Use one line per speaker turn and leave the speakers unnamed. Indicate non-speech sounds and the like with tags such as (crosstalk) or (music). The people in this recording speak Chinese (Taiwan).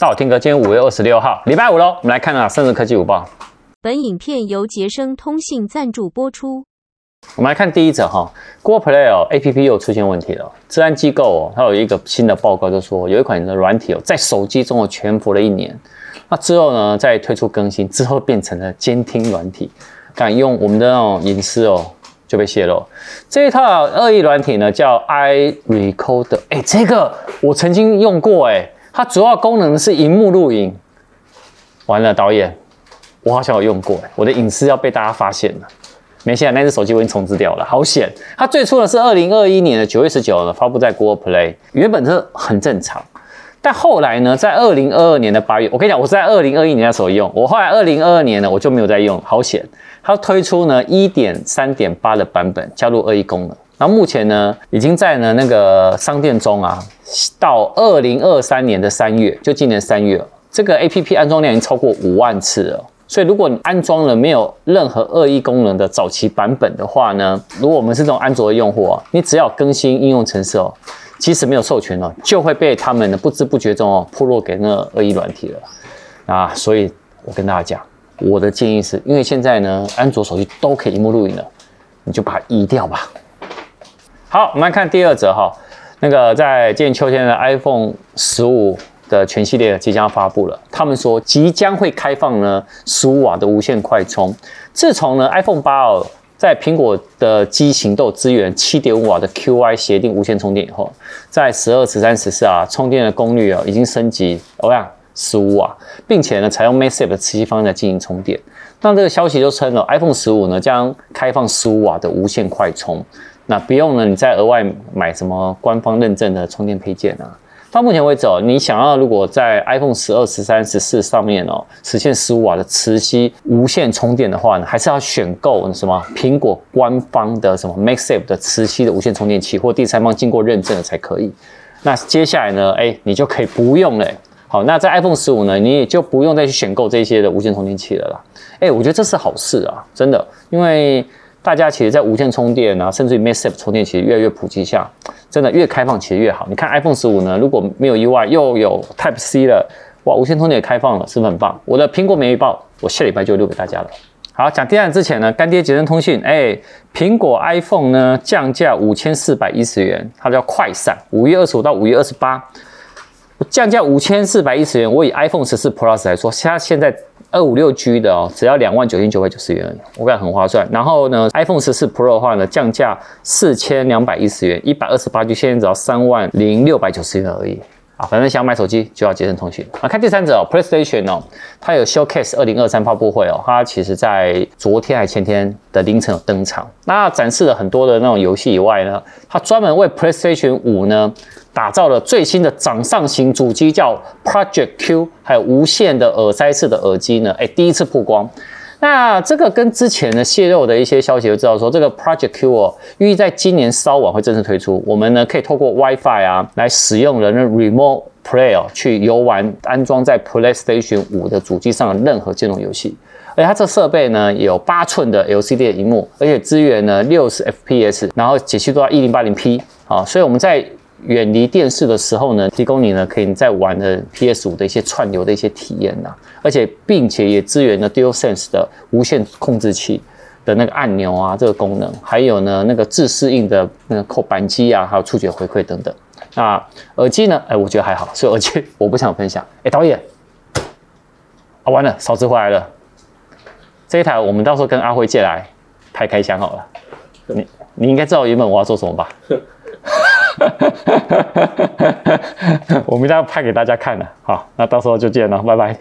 大家好，Tim 哥，今天五月二十六號，禮拜五嘍。我們來看，看啊，《3C 科技午報》。本影片由傑昇通信贊助播出。我們來看第一則哈，Google Play 哦、喔、，A P P 又出現問題了。治安機構哦、喔，它有一個新的報告就，就說有一款的軟體哦、喔，在手機中哦潛伏了一年。那之後呢，再推出更新之後，變成了監聽軟體，敢用我們的那種隱私哦、喔，就被泄露。這一套惡意軟體呢，叫 iRecorder、欸。哎，這個我曾經用過誒、欸。它主要功能是螢幕錄影。完了，導演，我好像有用過，欸，我的隱私要被大家發現了。沒事，那只手機我已經重置掉了，好險。它最初呢是二零二一年的九月十九號發布在 Google Play，原本是很正常，但後來呢，在二零二二年的八月，我跟你講，我是在二零二一年的時候用，我後來二零二二年呢我就沒有再用，好險。它推出呢一點三點八的版本，加入惡意功能。那目前呢，已經在呢那個商店中啊，到二零二三年的三月，就今年三月了，這個 A P P 安裝量已經超過五萬次了。所以如果你安裝了沒有任何惡意功能的早期版本的話呢，如果我們是這種安卓的用戶啊，你只要更新應用程式哦，即使沒有授權哦，就會被他們呢不知不覺中哦，破落給那個惡意軟體了。啊，所以我跟大家講，我的建議是，因為現在呢，安卓手機都可以螢幕錄影了，你就把它移掉吧。好，我們來看第二則哈，那個在今年秋天的 iPhone 十五的全系列即將發布了，他們說即將會開放呢十五瓦的無線快充。自從呢 iPhone 八在蘋果的機型都有支援七點五瓦的 Qi 協定無線充電以後，在十二、十三、十四啊充電的功率啊已經升級哦呀十五瓦，並且呢採用 MagSafe 的磁吸方式來進行充電。那這個消息就稱了 iPhone 十五呢將開放十五瓦的無線快充。那不用了，你再額外買什麼官方認證的充電配件啊？到目前為止哦，你想要如果在 iPhone 十二、十三、十四上面哦實現十五瓦的磁吸無線充電的話呢，還是要選購什麼蘋果官方的什麼 MagSafe 的磁吸的無線充電器，或第三方經過認證的才可以。那接下來呢，哎，你就可以不用嘞。好，那在 iPhone 十五呢，你也就不用再去選購這些的無線充電器了啦。哎，我覺得這是好事啊，真的，因為。大家其實，在無線充電啊，甚至於 MagSafe 充電，其實越來越普及下，真的越開放其實越好。你看 iPhone 十五呢，如果沒有意外，又有 Type C 的，哇，無線充電也開放了，是不是很棒？我的蘋果每日報，我下禮拜就錄給大家了。好，講二量之前呢，乾爹傑昇通信，誒，蘋果 iPhone 呢降價五千四百一十元，它叫快閃，五月二十五到五月二十八，降價五千四百一十元，我以 iPhone 十四 Plus 來說，它現在。二五六 G 的哦，只要兩萬九千九百九十元，我感覺很划算。然後呢，iPhone 十四 Pro 的話呢，降價四千兩百一十元，一百二十八 G 現在只要三萬零六百九十元而已。啊，反正想買手機就要傑昇通信。啊，看第三者哦，PlayStation 哦，它有 Showcase 二零二三发布會哦，它其實，在昨天還前天的凌晨有登場。那展示了很多的那種遊戲以外呢，它專門為 PlayStation 五呢打造了最新的掌上型主機，叫 Project Q，還有無線的耳塞式的耳機呢，誒、欸，第一次曝光。那這個跟之前的泄露的一些消息，就知道說這個 Project Q 呀，預計在今年稍晚會正式推出。我們呢可以透過 Wi-Fi 啊來使用人的 Remote Player 去遊玩安裝在 PlayStation 五的主機上的任何金融遊戲。而且它這設備呢有八寸的 LCD 熒幕，而且支援呢六十 FPS，然後解析度到一零八零 P 好，所以我們在。遠離電視的時候呢，提供你呢可以在玩的 PS 五的一些串流的一些體驗吶、啊，而且並且也支援了 DualSense 的無線控制器的那個按鈕啊，這個功能，還有呢那個自適應的那個扣扳機啊，還有觸覺回饋等等。那耳機呢？哎、欸，我覺得還好，所以耳機我不想分享。哎、欸，導演，啊完了，嫂子回來了，這一台我們到時候跟阿輝借來拍開箱好了。你你應該知道原本我要做什麼吧？ (laughs) 我們一定要拍給大家看的，好，那到時候就見了，拜拜。